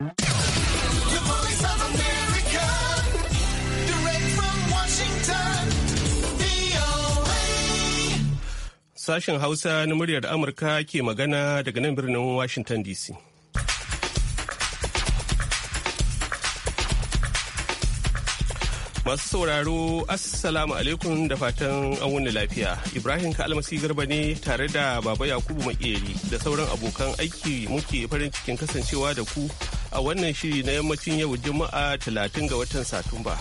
Sashen Hausa na muryar Amurka ke magana daga nan birnin Washington DC. Masu sauraro, Assalamu alaikum da fatan an wuni lafiya. Ibrahim Kalmasi Garba ne tare da Baba Yakubu Makeri da sauran abokan aiki muke farin cikin kasancewa da ku a wannan shiri na yammacin yau juma'a talatin ga watan satumba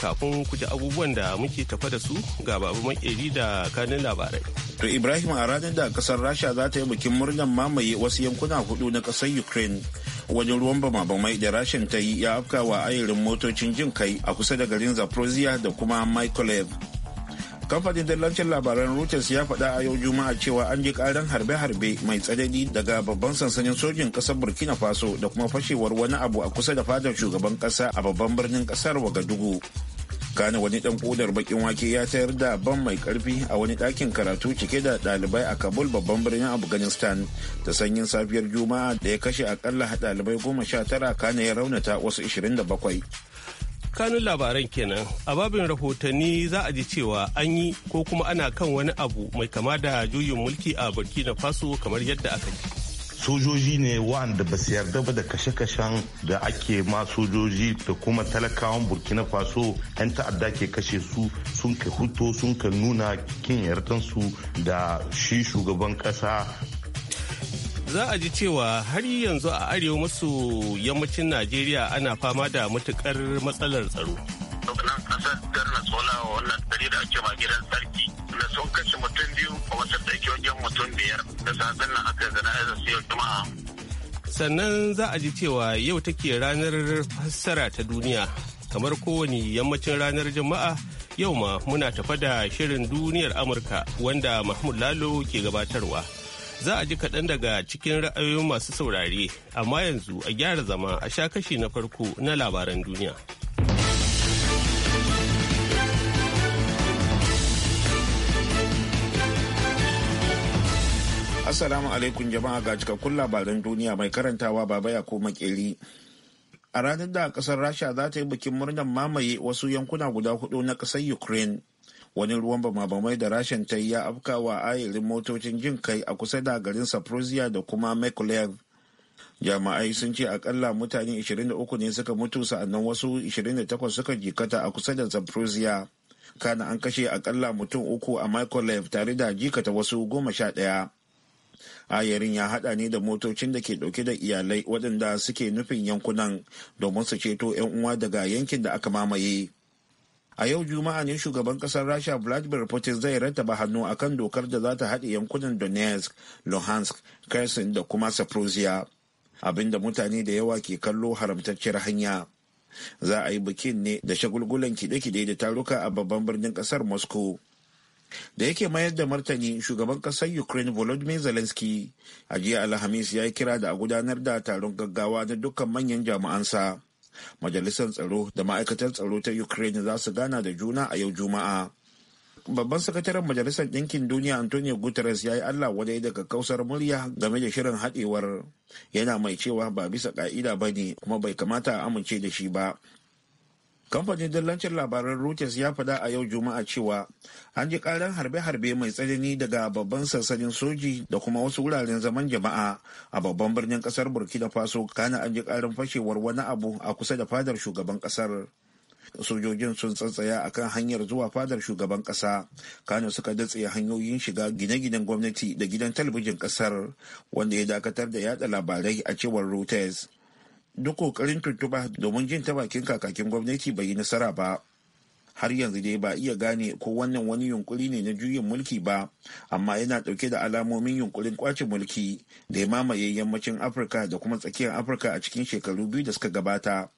kafin ku ji abubuwan da muke tafa da su ga babu makeri da kanin labarai. To Ibrahim a ranar da kasar Rasha za ta yi bikin murnar mamaye wasu yankuna hudu na kasar Ukraine. wajen ruwan bama bamai da rashin ta yi ya afkawa ayarin motocin jin kai a kusa da garin Zaporozhye da kuma mikolev kamfanin dillancin labaran reuters ya faɗa a yau juma'a cewa an ji karan harbe-harbe mai tsanani daga babban sansanin sojin ƙasar burkina faso da kuma fashewar wani abu a kusa da fadar shugaban ƙasa a babban birnin ƙasar wagadugu gane wani dan kodar bakin wake ya tayar da ban mai karfi a wani dakin karatu cike da ɗalibai a kabul babban birnin afghanistan da sanyin safiyar juma'a da ya kashe akalla ɗalibai goma sha tara kane ya raunata wasu da bakwai. kanun labaran kenan a babin rahotanni za a ji cewa an yi ko kuma ana kan wani abu mai kama da juyin mulki a burkina faso kamar yadda aka ji sojoji ne wanda ba su yarda ba da kashe-kashen da ake ma sojoji da kuma talakawan burkina faso 'yan ta'adda ke kashe su sun ka huto sun ka nuna kin yardansu da shi shugaban kasa za a ji cewa har yanzu a arewa masu yammacin najeriya ana fama da matukar matsalar tsaro nan kasar garna tsola wa wannan gari da ake ma gidan sarki da sun kashe mutum biyu a wasu ɗauki wajen mutum biyar da safen nan aka gana da su yau juma'a sannan za a ji cewa yau take ranar fassara ta duniya kamar kowane yammacin ranar jama'a, yau ma muna tafa da shirin duniyar amurka wanda mahmud lalo ke gabatarwa za a ji kaɗan daga cikin ra'ayoyin masu saurare amma yanzu a gyara zama a sha kashi na farko na labaran duniya. Assalamu alaikum jama'a ga cikakkun labaran duniya mai karantawa baba ya ko makeri. A ranar da ƙasar Rasha za ta yi bikin murnar mamaye wasu yankuna guda hudu na ƙasar Ukraine wani ruwan bamabamai da rashin ta ya afka wa ayarin motocin jin kai a kusa da garin saprosia da kuma mekulev jama'ai sun ce akalla mutane 23 ne suka mutu sa'annan wasu 28 suka jikata a kusa da saprosia kana an kashe akalla mutum uku a mekulev tare da jikata wasu goma sha ɗaya ayarin ya hada ne da motocin da ke dauke da iyalai waɗanda suke nufin yankunan domin su ceto 'yan uwa daga yankin da aka mamaye a yau juma'a ne shugaban kasar rasha vladimir putin zai rattaba hannu akan dokar da za ta haɗe yankunan donetsk luhansk kherson da kuma saprosia abinda mutane da yawa ke kallo haramtacciyar hanya za a yi bikin ne da shagulgulan kide-kide da taruka a babban birnin kasar moscow da yake mayar da martani shugaban kasar ukraine volodymyr zelensky a jiya alhamis ya yi kira da a gudanar da taron gaggawa na dukkan manyan jami'ansa majalisar tsaro da ma'aikatar tsaro ta ukraine za su gana da juna a yau juma'a babban sakataren majalisar ɗinkin duniya antonio guterres ya yi allah wadai daga kausar murya game da shirin haɗewar yana mai cewa ba bisa ƙa'ida ba ne kuma bai kamata a amince da shi ba kamfanin dillancin labaran reuters ya faɗa a yau juma'a cewa an ji ƙarin harbe-harbe mai tsanani daga babban sansanin soji da kuma wasu wuraren zaman jama'a a babban birnin ƙasar burkina faso kana an ji karan fashewar wani abu a kusa da fadar shugaban ƙasar sojojin sun tsantsaya a kan hanyar zuwa fadar shugaban ƙasa kano suka datse hanyoyin shiga gine-ginen gwamnati da gidan talabijin ƙasar wanda ya dakatar da yada labarai a cewar reuters duk kokarin tuntuba domin jin ta bakin kakakin gwamnati bai yi nasara ba har yanzu dai ba iya gane ko wannan wani yunkuri ne na juyin mulki ba amma yana ɗauke da alamomin yunkurin kwacin mulki da ya mamaye yammacin afirka da kuma tsakiyar afirka a cikin shekaru biyu da suka gabata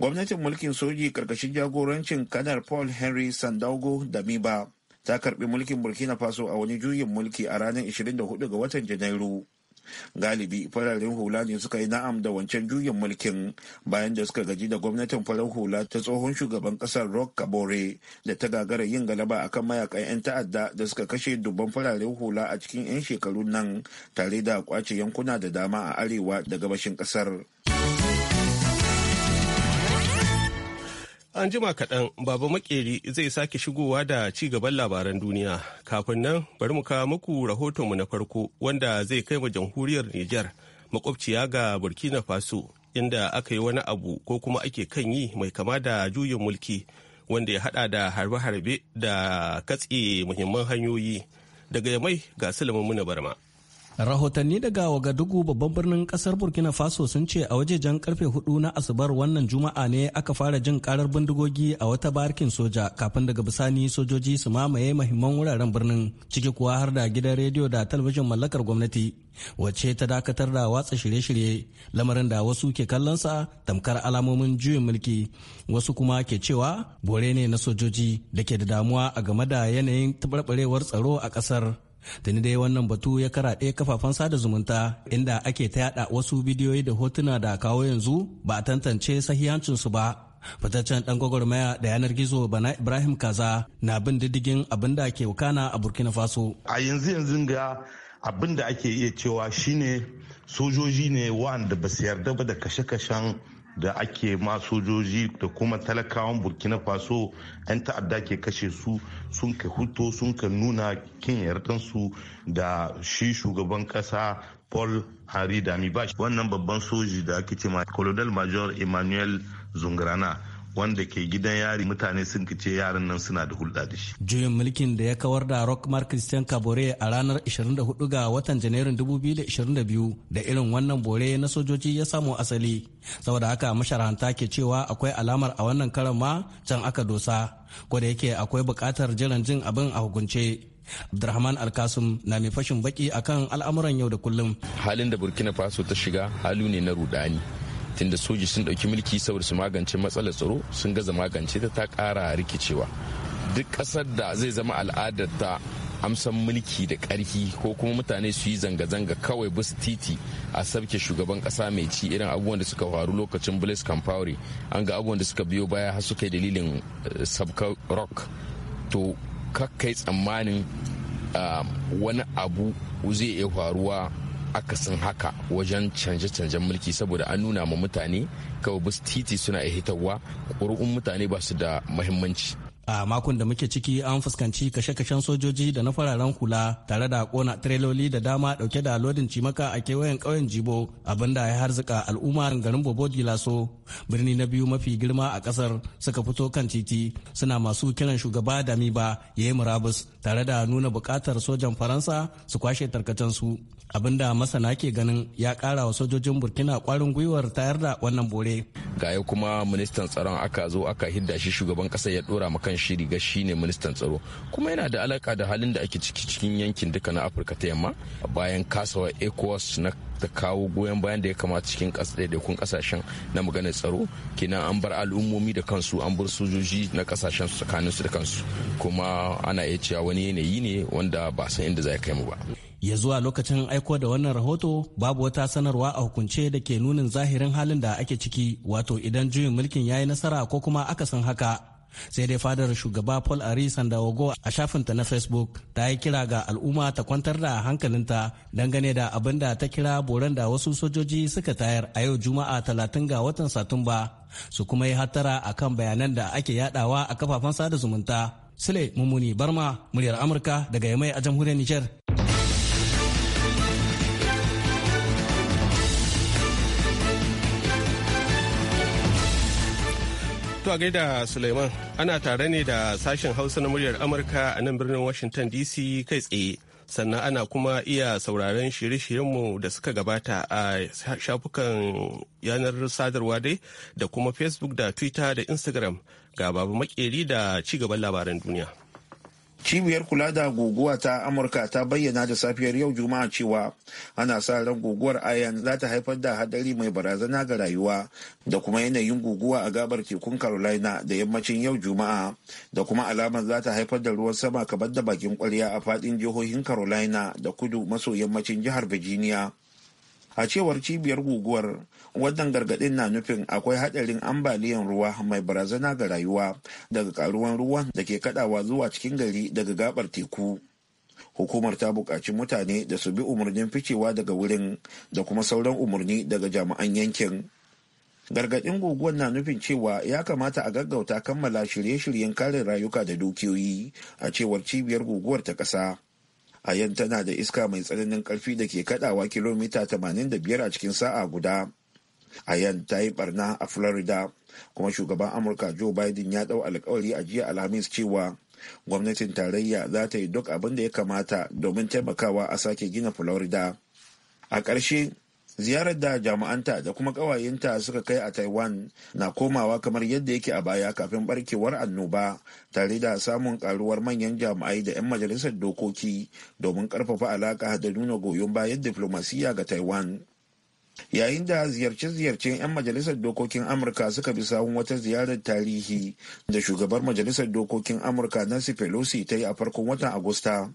gwamnatin mulkin soji karkashin jagorancin kanar paul henry sandago da miba ta karbi mulkin burkina faso a wani juyin mulki a ranar 24 ga watan janairu galibi fararen hula ne suka yi na'am da wancan juyin mulkin bayan da suka gaji da gwamnatin farar hula ta tsohon shugaban kasar rock kabore da ta gagara yin galaba akan mayakan 'yan ta'adda da suka kashe dubban fararen hula a cikin 'yan shekaru nan tare da kwace yankuna da dama a arewa da gabashin kasar. An jima kaɗan Baba Makeri zai sake shigowa da ci gaban labaran duniya. Kafin nan bari mu kawo muku rahotonmu na farko wanda zai kai ma jamhuriyar Nijar makwabciya ga Burkina Faso inda aka yi wani abu ko kuma ake kan yi mai kama da juyin mulki wanda ya haɗa da harbe-harbe da katse muhimman hanyoyi daga yamai ga Sulaiman Muna Barma. Rahotanni daga Wagadugu babban birnin kasar Burkina Faso sun ce a wajejen karfe hudu na Asubar wannan Juma'a ne aka fara jin karar bindigogi a wata barkin soja kafin daga bisani sojoji su mamaye mahimman wuraren birnin ciki kuwa har da gidan rediyo da talabijin mallakar gwamnati wacce ta dakatar da watsa shirye-shirye lamarin da wasu ke kallonsa tamkar alamomin juyin mulki wasu kuma ke cewa bore ne na sojoji da ke da damuwa a game da yanayin taɓarɓarewar tsaro a ƙasar. tuni dai wannan batu ya karaɗe kafafen sada zumunta inda ake ta yada wasu bidiyoyi da hotuna da kawo yanzu ba a tantance sahihancinsu ba fitaccen dan gwagwarmaya da yanar gizo bana ibrahim kaza na bin diddigin abin da ke wakana a burkina faso a yanzu yanzu ga abin da ake iya cewa shine sojoji ne wa'anda ba su yarda ba da kashe-kashen da ake ma sojoji da kuma talakawan burkina faso 'yan ta'adda ke kashe su sun ka huto sun ka nuna kin yardansu da shi shugaban kasa paul hari dami bash wannan babban soji da ake ce ma colonel major emmanuel zungrana wanda ke gidan yari mutane sun kice yaran nan suna da hulɗa da shi. Juyin mulkin da ya kawar da rock Rockmar Christian Kabore a ranar 24 ga watan Janairun 2022 da irin wannan bore na sojoji ya samu asali. Saboda haka masharanta ke cewa akwai alamar a wannan karan ma can aka dosa. Ko da yake akwai bukatar jiran jin abin a hukunce. abdulrahman alkasum na mai fashin baki akan al'amuran yau da kullum halin da burkina faso ta shiga halu ne na rudani tunda soji sun ɗauki mulki saboda su magance matsalar tsaro sun gaza magance ta ta ƙara rikicewa duk ƙasar da zai zama al'adar ta amsan mulki da ƙarfi ko kuma mutane su yi zanga-zanga kawai bus titi a sabke shugaban ƙasa mai ci irin abubuwan da suka faru lokacin blaise kamfauri an ga abubuwan da suka biyo baya har suka dalilin eh, sabka rock to kakkai tsammanin ah, wani abu zai iya faruwa akasin haka wajen canje-canjen mulki saboda an nuna ma mutane kawai bus titi suna ihitarwa hitarwa ƙuri'un mutane ba su da mahimmanci a makon da muke ciki an fuskanci kashe-kashen sojoji da na fararen hula tare da kona tireloli da dama dauke da lodin cimaka a kewayen kauyen jibo abinda ya harzika al'umma garin bobo laso birni na biyu mafi girma a kasar suka fito kan titi suna masu kiran shugaba da ba ya yi murabus tare da nuna bukatar sojan faransa su kwashe tarkacensu abinda masana ke ganin ya kara wa sojojin burkina kwarin gwiwar tayar da wannan bore ga kuma ministan tsaron aka zo aka hidda shi shugaban kasa ya dora makan ga shi ne ministan tsaro kuma yana da alaka da halin da ake ciki cikin yankin duka na afirka ta yamma bayan kasawa ecowas na ta kawo goyon bayan da ya kamata cikin ɗaiɗaikun kasashen na maganar tsaro kenan an bar al'ummomi da kansu an bar sojoji na kasashen su tsakanin su da kansu kuma ana iya cewa wani yanayi ne wanda ba san inda ya kai mu ba ya zuwa lokacin aiko da wannan rahoto babu wata sanarwa a hukunce da ke nunin zahirin halin da ake ciki wato idan juyin mulkin ya yi nasara ko kuma akasin haka sai dai fadar shugaba paul ari sandawago a shafinta na facebook ta yi kira ga al'umma ta kwantar da hankalinta dangane da abin da ta kira boran da wasu sojoji suka tayar a yau juma'a talatin ga watan satumba su kuma yi hattara kan bayanan da ake yadawa a kafafen sada zumunta sule mummuni barma muryar amurka daga yamai a jamhuriyar nijar. To a gaida Suleiman ana tare ne da sashen Hausa na muryar Amurka a nan birnin Washington DC kai tsaye. Sannan ana kuma iya sauraron shirye-shiryenmu da suka gabata a shafukan yanar sadarwa dai da kuma Facebook da Twitter da Instagram ga babu makeri da ci gaban labaran duniya. cibiyar kula da guguwa ta amurka ta bayyana da safiyar yau juma'a cewa ana sa ran guguwar ayan za ta haifar da hadari mai barazana ga rayuwa da kuma yanayin guguwa a gabar tekun carolina da yammacin yau juma'a da kuma alamar za ta haifar da ruwan sama kamar da bakin kwarya a fadin jihohin carolina da kudu maso yammacin jihar virginia a cewar cibiyar guguwar wannan gargadin na nufin akwai hadarin ambaliyan ruwa mai barazana ga rayuwa daga karuwan ruwan da ke kadawa zuwa cikin gari daga gabar teku hukumar ta buƙaci mutane da su bi umarnin ficewa daga wurin da kuma sauran umarni daga jami'an yankin gargaɗin guguwar na nufin cewa ya kamata a gaggauta kammala shirye-shiryen kare rayuka da dukiyoyi a cewar cibiyar guguwar ta ƙasa ayan tana da iska mai tsananin karfi da ke kadawa kilomita 85 a cikin sa'a guda ayan ta yi barna a florida kuma shugaban amurka joe biden ya dau alkawari a jiya alhamis cewa gwamnatin tarayya za ta yi duk abin da ya kamata domin taimakawa a sake gina florida a ƙarshe ziyarar da jami'anta da kuma ƙawayenta suka kai a taiwan na komawa kamar yadda yake a baya kafin barkewar annoba tare da samun karuwar manyan jami'ai da 'yan majalisar dokoki domin karfafa alaka da nuna goyon bayan diflomasiyya ga taiwan yayin da ziyarce-ziyarcen 'yan majalisar dokokin amurka suka bi sawun wata ziyarar tarihi da shugabar majalisar dokokin amurka nancy pelosi ta yi a farkon watan agusta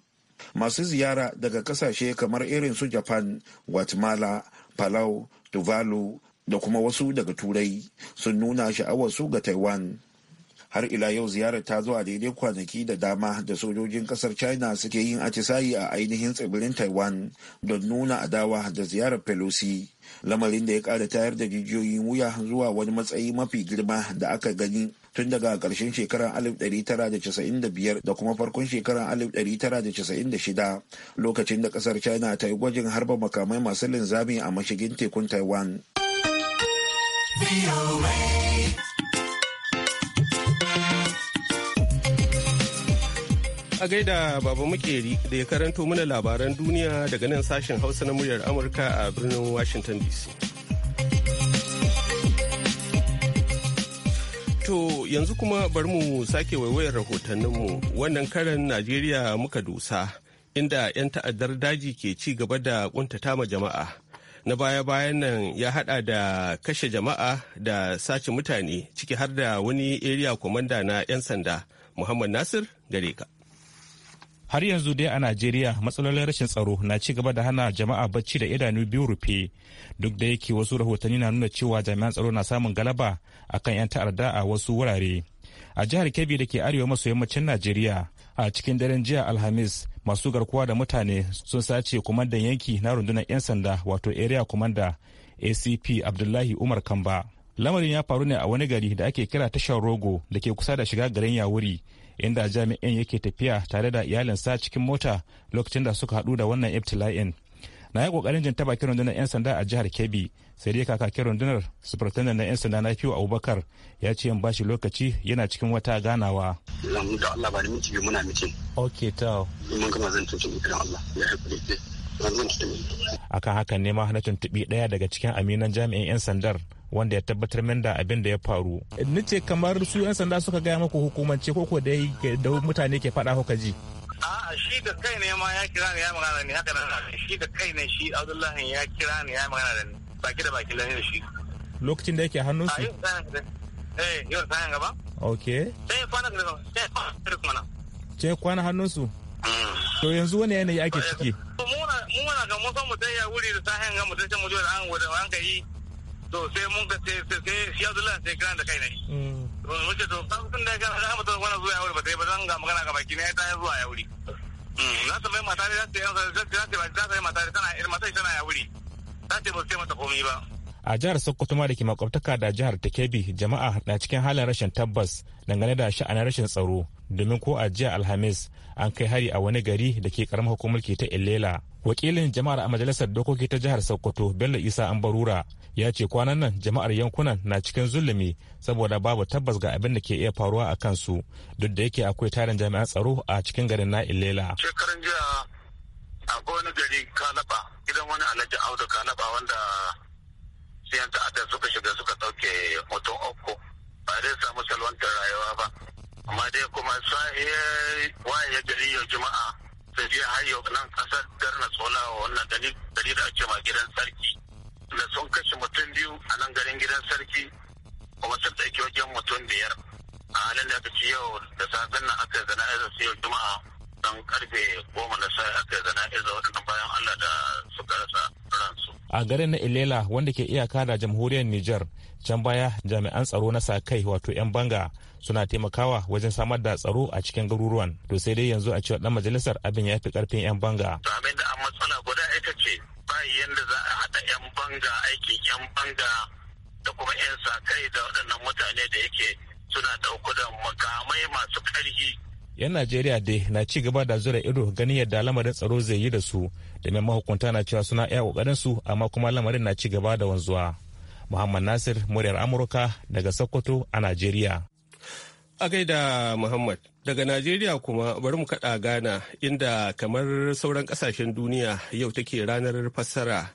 masu ziyara daga kasashe kamar irin su japan guatemala palau tuvalu da kuma wasu daga turai sun nuna sha'awarsu ga taiwan har ila yau ziyarar ta zuwa daidai kwanaki da dama da sojojin kasar china suke yin atisayi a ainihin tsibirin taiwan don nuna adawa da ziyarar pelosi lamarin da ya kara tayar da jijiyoyin wuya zuwa wani matsayi mafi girma da aka gani tun daga ƙarshen shekarar 1995 da kuma farkon shekarar 1996 lokacin da kasar china ta yi gwajin harba makamai masu linzami a mashigin tekun taiwan. A gaida Baba Makeri da ya karanto mana labaran duniya daga nan sashen Hausa na muryar Amurka a birnin Washington DC. To yanzu kuma bari mu sake waiwayar rahotanninmu wannan karan Najeriya muka dusa inda 'yan ta'addar daji ke ci gaba da kuntata ma jama'a. Na baya-bayan nan ya hada da kashe jama'a da sace mutane ciki har da wani area commander na 'yan sanda Muhammad Nasir gare ka. har yanzu dai a najeriya matsalolin rashin tsaro na ci gaba da hana jama'a bacci da idanu biyu rufe duk da yake wasu rahotanni na nuna cewa jami'an tsaro na samun galaba a kan 'yan ta'arda a wasu wurare a jihar kebbi da ke arewa maso yammacin najeriya a cikin daren jiya alhamis masu garkuwa da mutane sun sace kumandan yanki na rundunar 'yan sanda wato area commander acp abdullahi umar kamba lamarin ya faru ne a wani gari da ake kira tashar rogo da ke kusa da shiga garin yawuri inda jami'in yake tafiya tare da iyalinsa cikin mota lokacin da suka haɗu da wannan iftila'in na yi kokarin jin taba kiran rundunar 'yan sanda a jihar kebbi sai dai kakakin rundunar superintendent na 'yan sanda na fiwa abubakar ya ce yin bashi lokaci yana cikin wata ganawa lamu da allah ba muna ok mun gama zan tuce ikiran allah ya haifar akan hakan ne ma na tuntuɓi ɗaya daga cikin aminan jami'in 'yan sandar wanda ya tabbatar min da abin da ya faru ni ce kamar su 'yan sanda suka gaya maku hukumance ko da mutane ke faɗa kuka ji a'a shi da kai ya kira lokacin da yake hannun su eh, kwana hannun su mm. to yanzu wani yanayi ake ciki mu wana ga mun san mu tayya wuri da ta hanyar mu mu da an an to sai mun sai sai da kai ne mm. to mun ce to da zuwa wuri ba sai ba zan ga magana ga baki ne ta zuwa ya wuri mm, na ta mai mata ne za ta yi za ta za ta yi mata tana mata tana ya wuri za ta ba sai mata komai ba a jihar sokoto ma da ke makwabtaka da jihar ta kebbi jama'a na cikin halin rashin tabbas dangane da sha'anin rashin tsaro domin ko a jiya alhamis an kai hari a wani gari da ke karamar hukumar ke ta ilela wakilin jama'ar a majalisar dokoki ta jihar sokoto bello isa ambarura ya ce kwanan nan jama'ar yankunan na cikin zulumi saboda babu tabbas ga abin da ke iya faruwa a kansu duk da yake akwai tarin jami'an tsaro a cikin garin na ilela shekarun jiya akwai wani gari kalaba gidan wani alhaji audu kalaba wanda siyan ta'adda suka shiga suka ɗauke mutum uku ba zai samu salwantar rayuwa ba amma dai kuma ya waye gari yau juma'a sai je hayo nan kasar na tsola wa wannan gari gari da ake ma gidan sarki da sun kashe mutum biyu a nan garin gidan sarki kuma sun ɗauki wajen mutum biyar a halin da aka ci yau da safen nan aka zana a yau juma'a dan karfe goma na sai aka yi waɗannan bayan Allah da suka rasa ransu. A garin na Ilela wanda ke iyaka da jamhuriyar Nijar can baya jami'an tsaro na sa kai wato 'yan banga suna taimakawa wajen samar da tsaro a cikin garuruwan to sai dai yanzu a cewa dan majalisar abin ya fi karfin 'yan banga. Abin da an matsala guda ita ce ba yadda za a haɗa 'yan banga aikin 'yan banga da kuma 'yan sa kai da waɗannan mutane da yake suna ɗauku da makamai masu ƙarfi 'yan najeriya dai na ci gaba da zura ido ganin yadda lamarin tsaro zai yi da su domin mahukunta na cewa suna iya kokarin su amma kuma lamarin na ci gaba da wanzuwa muhammad nasir muryar amurka daga sokoto a najeriya a gaida muhammad daga najeriya kuma bari mu kada gana inda kamar sauran kasashen duniya yau take ranar fassara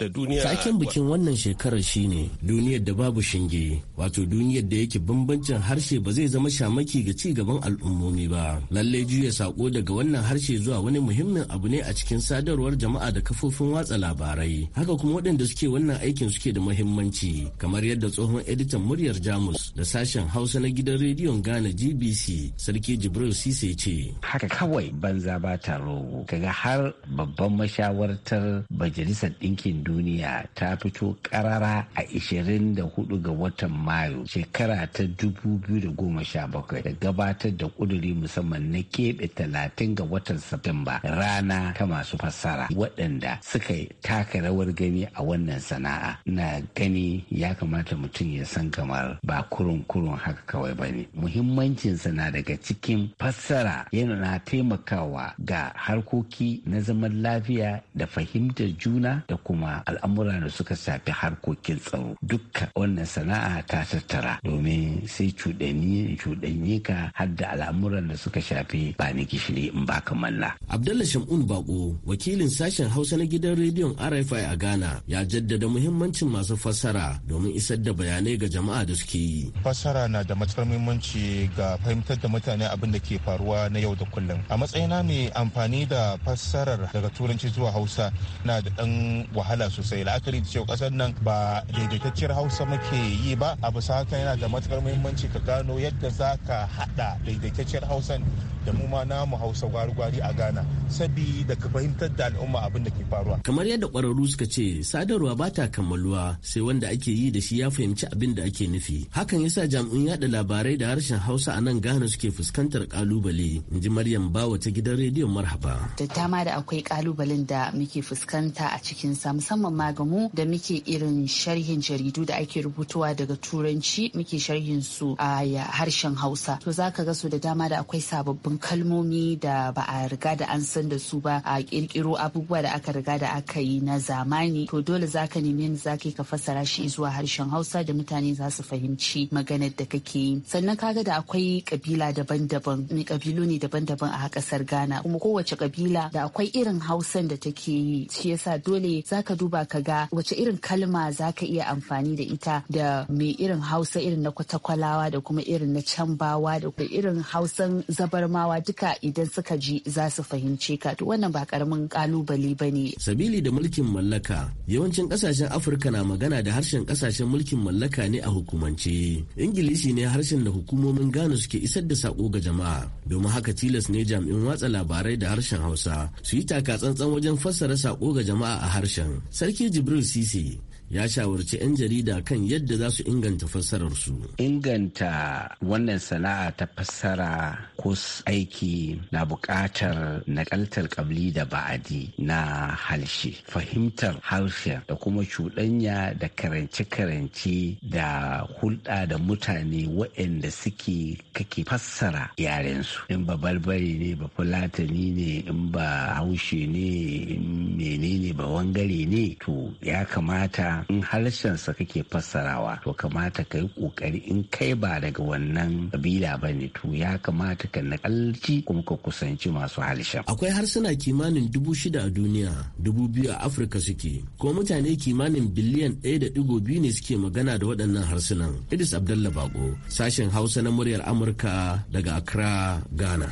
da duniya taken bikin wannan shekarar shine duniyar da babu shinge wato duniyar da yake bambancin harshe ba zai zama shamaki ga ci gaban al'ummomi ba lallai juya sako daga wannan harshe zuwa wani muhimmin abu ne a cikin sadarwar jama'a da kafofin watsa labarai haka kuma waɗanda suke wannan aikin suke da muhimmanci kamar yadda tsohon editan muryar jamus da sashen hausa na gidan rediyon ghana gbc sarki jibril sise ce haka kawai banza ba taro rogo kaga har babban mashawartar majalisar ɗinkin duniya ta fito karara a 24 ga watan mayu shekara ta 2017 da gabatar da kuduri musamman na keɓe 30 ga watan Satumba rana ta masu fassara waɗanda suka taka rawar gani a wannan sana'a na gani ya kamata mutum ya san kamar ba kurun kurun haka kawai ba ne muhimmancinsa na daga cikin fassara yana taimakawa ga harkoki na zaman lafiya da fahimtar juna da kuma al'amuran al'amura da suka shafi harkokin tsaro dukka wannan sana'a ta tattara domin sai cuɗanyi ka har da al'amuran da suka shafi ba ni gishiri in ba kamalla. Abdallah Shamun Bako wakilin sashen Hausa na gidan rediyon RFI a Ghana ya jaddada muhimmancin masu fassara domin isar da bayanai ga jama'a da suke yi. Fassara na da matuƙar muhimmanci ga fahimtar da mutane abin da ke faruwa na yau da kullum. A matsayina mai amfani da fassarar daga turanci zuwa Hausa na da ɗan wahala sosai la'akari da cewa kasar nan ba daidaitacciyar hausa muke yi ba a bisa haka yana da matukar muhimmanci ka gano yadda za ka haɗa daidaitacciyar hausan da mu ma namu hausa gwari-gwari a ghana sabida ka fahimtar da al'umma abin da ke faruwa kamar yadda kwararru suka ce sadarwa ba ta kammaluwa sai wanda ake yi da shi ya fahimci abin da ake nufi hakan yasa jami'un yada labarai da harshen hausa a nan ghana suke fuskantar kalubale in ji maryam bawa ta gidan rediyon marhaba da dama da akwai kalubalen da muke fuskanta a cikin sa musamman ma ga mu da muke irin sharhin jaridu da ake rubutuwa daga turanci muke sharhin su a harshen hausa to zaka ga su da dama da akwai sababbin sababbin kalmomi da ba a riga da an san da su ba a kirkiro abubuwa da aka riga da aka yi na zamani to dole za ka nemi yadda za ka fassara shi zuwa harshen Hausa da mutane za su fahimci maganar da kake yi sannan ka ga da akwai kabila daban-daban mai kabilu ne daban-daban a kasar Ghana kuma kowace kabila da akwai irin Hausan da take yi shi yasa dole ka duba ka ga wace irin kalma za ka iya amfani da ita da mai irin Hausa irin na kwatakwalawa da kuma irin na canbawa da irin Hausan zabarma adamawa duka idan suka ji za su fahimce ka to wannan ba karamin kalubale ba ne. sabili da mulkin mallaka yawancin kasashen afirka na magana da harshen kasashen mulkin mallaka ne a hukumance ingilishi ne harshen da hukumomin ghana suke isar da sako ga jama'a domin haka tilas ne jami'in watsa labarai da harshen hausa su yi taka tsantsan wajen fassara sako ga jama'a a harshen sarki jibril sisi ya shawarci 'yan jarida kan yadda za su inganta fassararsu. Inganta wannan sana'a ta fassara ko aiki na buƙatar nakaltar ƙabli da ba'adi na harshe, fahimtar harshe da kuma cuɗanya da karance-karance da hulɗa da mutane waɗanda suke kake fassara yarensu. In ba balbari ne ba fulatani ne in ba haushe ne menene ba wangare ne to ya kamata in in harshensa kake fassarawa to kamata ka yi kokari in kai ba daga wannan kabila ba ne to ya kamata ka nakalci kuma ka kusanci masu harshen. Akwai harsuna kimanin dubu shida a duniya dubu biyu a Afirka suke ko mutane kimanin biliyan ɗaya da ɗigo biyu ne suke magana da waɗannan harsunan. idis Abdallah Bago sashen Hausa na muryar Amurka daga Accra, Ghana.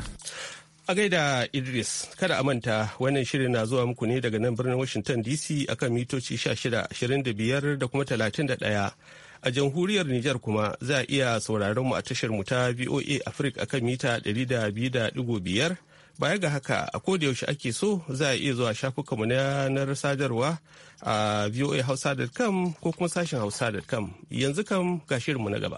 A gaida Idris, kada a manta wannan shirin na zuwa muku ne daga nan birnin Washington DC akan mitoci 16, 25 da kuma 31. a jamhuriyar Nijar kuma za a iya sauraron mu a tashar mu ta VOA Africa akan mita 200.5 baya ga haka a kodayaushe yaushe ake so za a iya zuwa shafukan mu na yanar sadarwa a voahausa.com ko kuma sashen hausa.com yanzu kam ga shirinmu na gaba.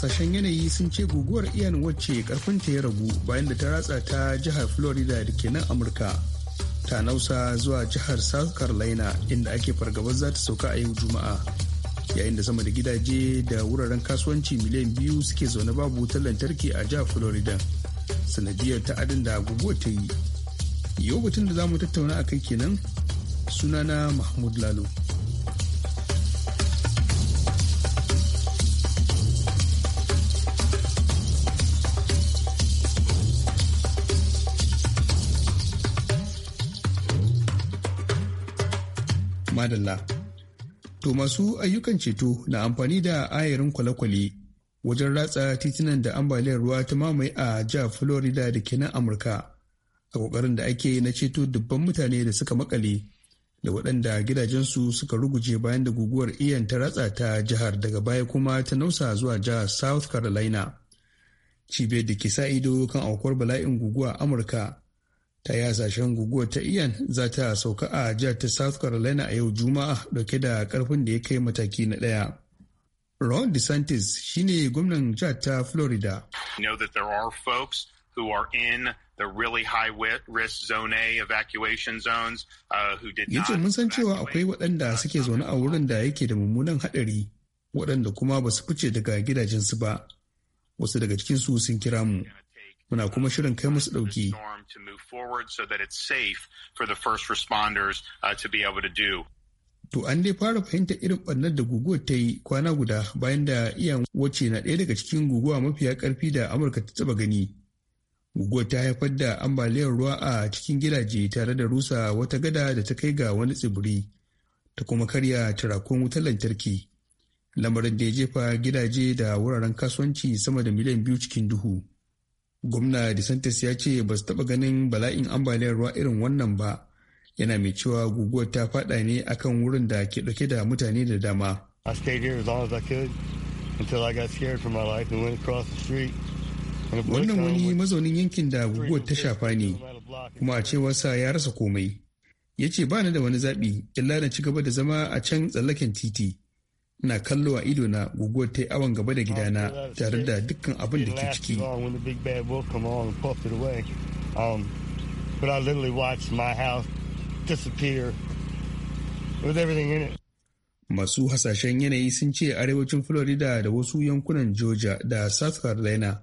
hasashen yanayi sun ce guguwar iyan wacce karfinta ya ragu bayan da ta ratsa ta jihar florida da ke nan amurka ta nausa zuwa jihar south carolina inda ake fargabar za ta sauka a yau juma'a yayin da sama da gidaje da wuraren kasuwanci miliyan biyu suke zaune babu wutar lantarki a jihar florida sanadiyar ta adin da guguwar ta yi yau batun da za mu tattauna a kai kenan sunana mahmud lalo madalla. To masu ayyukan ceto na amfani da ayarin kwale-kwale wajen ratsa titunan da ambaliyar ruwa ta mamaye a jihar Florida da ke nan Amurka a ƙoƙarin da ake na ceto dubban mutane da suka makale da waɗanda gidajensu suka ruguje bayan da guguwar iyan ta ratsa ta jihar daga baya kuma ta nausa zuwa jihar South Carolina. Cibiyar da ke sa ido kan aukuwar bala'in guguwa Amurka ta yi hasashen guguwa ta iyan za ta sauka a jihar ta south carolina a yau juma'a dauke da karfin da ya kai mataki na daya ron desantis shine gwamnan jihar ta florida know that there are in the really high risk zone A uh, Yace mun san cewa akwai waɗanda suke zaune a wurin da yake da mummunan haɗari waɗanda kuma ba su fice daga gidajensu ba. Wasu daga cikinsu sun kira mu muna kuma shirin kai musu ɗauki. Uh, to an dai fara fahimtar irin ɓannar da guguwar ta yi kwana guda bayan da iyan wacce na ɗaya daga cikin guguwa mafiya ƙarfi da Amurka ta taɓa gani. Guguwar ta haifar da ambaliyar ruwa a cikin gidaje tare da rusa wata gada da ta kai ga wani tsibiri ta kuma karya tarakon wutar lantarki. Lamarin da ya jefa gidaje da wuraren kasuwanci sama da miliyan biyu cikin duhu. gwamna DeSantis ya ce ba su taɓa ganin bala'in ambaliyar ruwa irin wannan ba yana mai cewa guguwar ta faɗa ne akan wurin da ke ɗauke da mutane da dama. Wannan wani mazaunin yankin da guguwar ta shafa ne, kuma a cewarsa ya rasa komai. Ya ce ba ni da wani zaɓi, illa na ci gaba da zama a can tsallaken titi. na kallo a ido na guguwar ta yi awon gaba da gidana tare da dukkan abin da ke ciki um, masu hasashen yanayi sun ce arewacin florida da wasu yankunan georgia da south carolina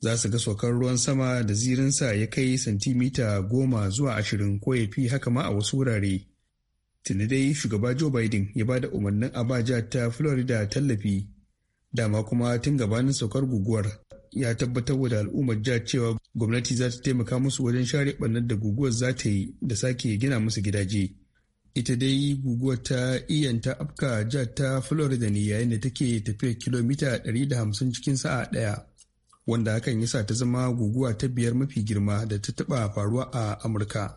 za su ga saukar ruwan sama da zirinsa ya kai santimita goma zuwa ashirin ko ya fi haka ma a wasu wurare tunda dai shugaba joe biden ya ba da umarnin abaja ta florida tallafi dama kuma tun gabanin saukar guguwar ya tabbatar da al'ummar ja cewa gwamnati za ta taimaka musu wajen share ɓannar da guguwar za ta yi da sake gina musu gidaje ita dai guguwar ta iyan afka jihar ta florida ne yayin da take tafiya kilomita 150 cikin sa'a ɗaya wanda hakan ya sa ta zama guguwa ta biyar mafi girma da ta taɓa faruwa a amurka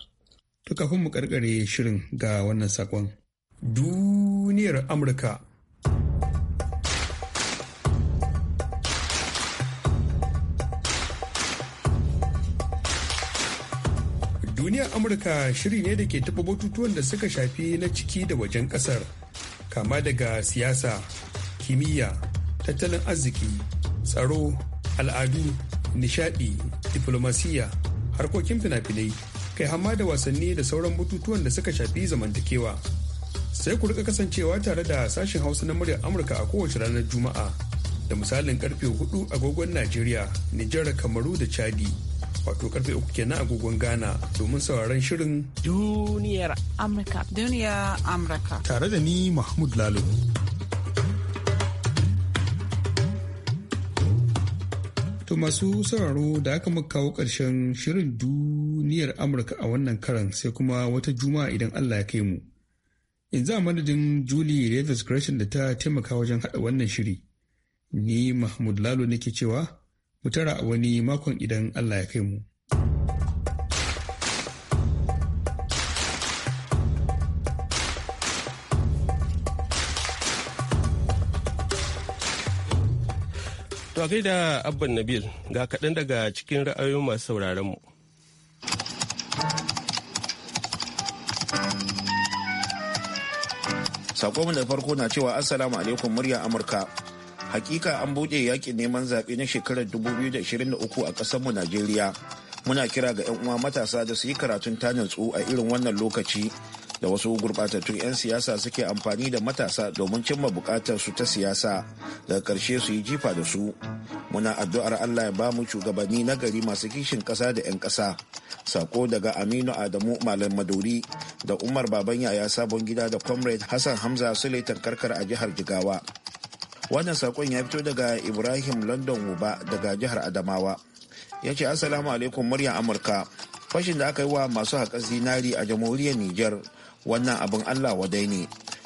To kafin mu karkare shirin ga wannan sakon. Duniyar Amurka. Duniyar Amurka shiri ne da ke taɓa batutuwan da suka shafi na ciki da wajen ƙasar, kama daga siyasa, kimiyya, tattalin arziki, tsaro, al'adu, nishadi, diplomasiya, harkokin fina-finai. kai hama da wasanni da sauran bututuwan da suka shafi zamantakewa. Sai ku rika kasancewa tare da sashen Hausa na muryar Amurka a kowace ranar Juma'a da misalin karfe 4 agogon Najeriya, Nijar, Kamaru da Chadi. Wato karfe uku kenan agogon Ghana domin sauraron shirin Duniyar Amurka. Duniyar Amurka. Tare da ni Mahmud Lalo. To masu sauraro da aka muka kawo ƙarshen shirin du niyyar Amurka a wannan karan sai kuma wata juma'a idan Allah ya kai mu. Yanzu a madadin Julie Davis Gresham da ta taimaka wajen haɗa wannan shiri. Ni Mahmud Lalo nake cewa mu tara a wani makon idan Allah ya kai mu. To da Abban Nabil ga kaɗan daga cikin ra'ayoyin masu sauraronmu. mu. sakonmu da farko na cewa Assalamu alaikum murya Amurka. Hakika an buɗe yakin neman zaɓe na shekarar 2023 a ƙasarmu Najeriya. Muna kira ga 'yan uwa matasa da su yi karatun tanin tsu a irin wannan lokaci da wasu gurbatattun 'yan siyasa suke amfani da matasa domin cimma bukatar su ta siyasa daga karshe su yi jifa da su muna addu'ar allah ya mu shugabanni na gari masu kishin kasa da 'yan kasa sako daga aminu adamu malam maduri da umar baban yaya sabon gida da comrade hassan hamza sulaitan karkar a jihar jigawa wannan sakon ya fito daga ibrahim london uba daga jihar adamawa ya ce assalamu alaikum muryar amurka fashin da aka yi wa masu haƙar zinari a jamhuriyar niger wannan abin allah wadai ne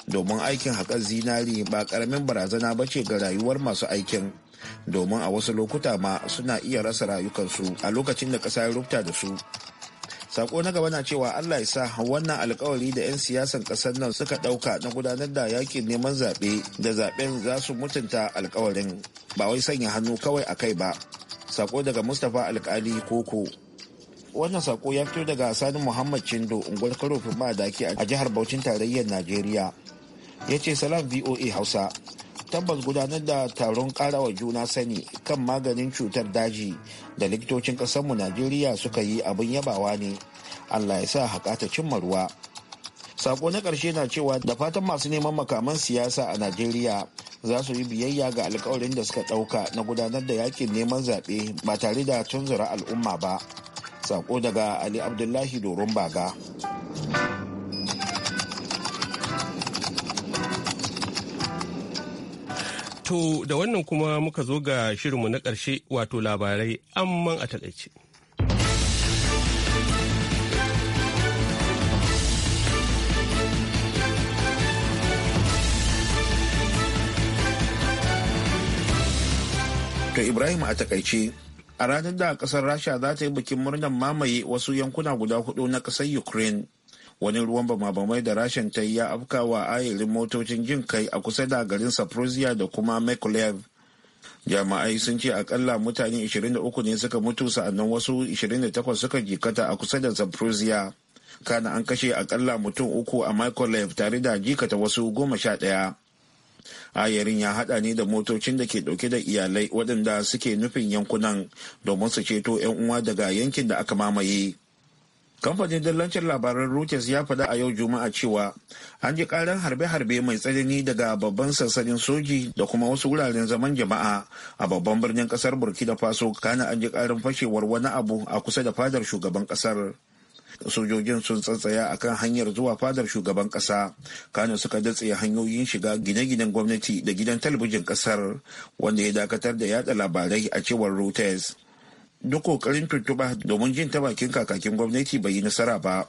domin aikin haƙar zinari ba ƙaramin barazana ba ce ga rayuwar masu aikin domin a wasu lokuta ma suna iya rasa rayukansu a lokacin da ƙasa ya rubuta da su sako na gaba na cewa allah ya sa wannan alkawari da 'yan siyasan ƙasar nan suka ɗauka na gudanar da yakin neman zaɓe da zaɓen za su mutunta alkawarin ba wai sanya hannu kawai a kai ba sako daga mustapha alƙali koko wannan sako ya fito daga sani muhammad chindo unguwar karofin madaki a jihar bauchin tarayyar najeriya ya ce salam voa hausa tabbas gudanar da taron karawa juna sani kan maganin cutar daji da likitocin ƙasarmu najeriya suka yi abin yabawa ne allah ya sa haƙa ta cimma ruwa sako na ƙarshe na cewa da fatan masu neman makaman siyasa a najeriya za su yi biyayya ga alkawarin da suka ɗauka na gudanar da yakin neman zaɓe ba tare da tunzura al'umma ba Sako daga Ali Abdullahi Doron Baga. To da wannan kuma muka zo ga shirinmu na ƙarshe wato labarai amman a taƙaice. To Ibrahim a takaice a ranar da kasar rasha za ta yi bikin murnar mamaye wasu yankuna guda hudu na kasar ukraine wani ruwan bamabamai da rashin ta ya afka wa ayarin motocin jin kai a kusa da garin saprosia da kuma mekulev jama'ai sun ce akalla mutane 23 ne suka mutu sa'annan wasu 28 suka jikata a kusa da saprosia kana an kashe akalla mutum uku a mekulev tare da jikata wasu goma sha ɗaya ayarin ya hada ne da motocin da ke dauke da iyalai waɗanda suke nufin yankunan domin su ceto 'yan uwa daga yankin da aka mamaye kamfanin dillancin labaran reuters ya faɗa a yau juma'a cewa an ji ƙarin harbe-harbe mai tsanani daga babban sansanin soji da kuma wasu wuraren zaman jama'a a babban birnin ƙasar burkina faso kana an ji ƙarin fashewar wani abu a kusa da fadar shugaban ƙasar sojojin sun tsatsaya a kan hanyar zuwa fadar shugaban ƙasa kano suka datse hanyoyin shiga gine-ginen gwamnati da gidan talabijin ƙasar wanda ya dakatar da yada labarai a cewar reuters duk ƙoƙarin tuntuɓa domin jin ta bakin kakakin gwamnati bai yi nasara ba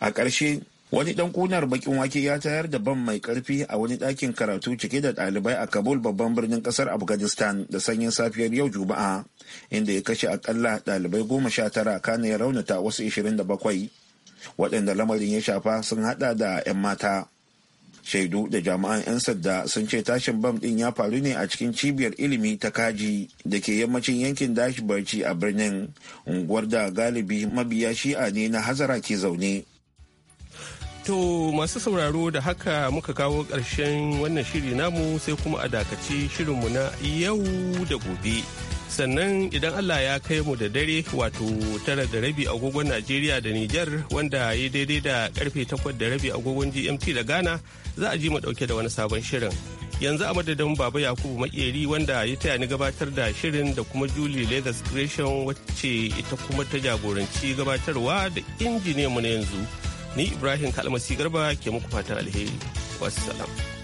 a ƙarshe wani dan kunar bakin wake ya tayar da bam mai karfi a wani dakin karatu cike da ɗalibai a kabul babban birnin ƙasar afghanistan da sanyin safiyar yau juma'a inda ya kashe akalla ɗalibai goma sha tara kana ya raunata wasu ishirin da bakwai waɗanda lamarin ya shafa sun haɗa da 'yan mata shaidu da jami'an 'yan sanda sun ce tashin bam ɗin ya faru ne a cikin cibiyar ilimi ta kaji da ke yammacin yankin dashi barci a birnin unguwar da galibi mabiya shi'a ne na hazara ke zaune To masu sauraro da haka muka kawo ƙarshen wannan shiri namu sai kuma a dakaci shirinmu na yau da gobe. Sannan idan Allah ya kai mu da dare wato tara da rabi agogon Najeriya da Nijar wanda ya daidai da karfe takwas da rabi agogon GMT da Ghana za a ji mu dauke da wani sabon shirin. Yanzu a madadin Baba Yakubu Makeri wanda ya taya ni gabatar da shirin da kuma Julie Leathers Creation wacce ita kuma ta jagoranci gabatarwa da injiniyanmu na yanzu. ni ibrahim kalmasi garba ke muku fatan alheri wassalam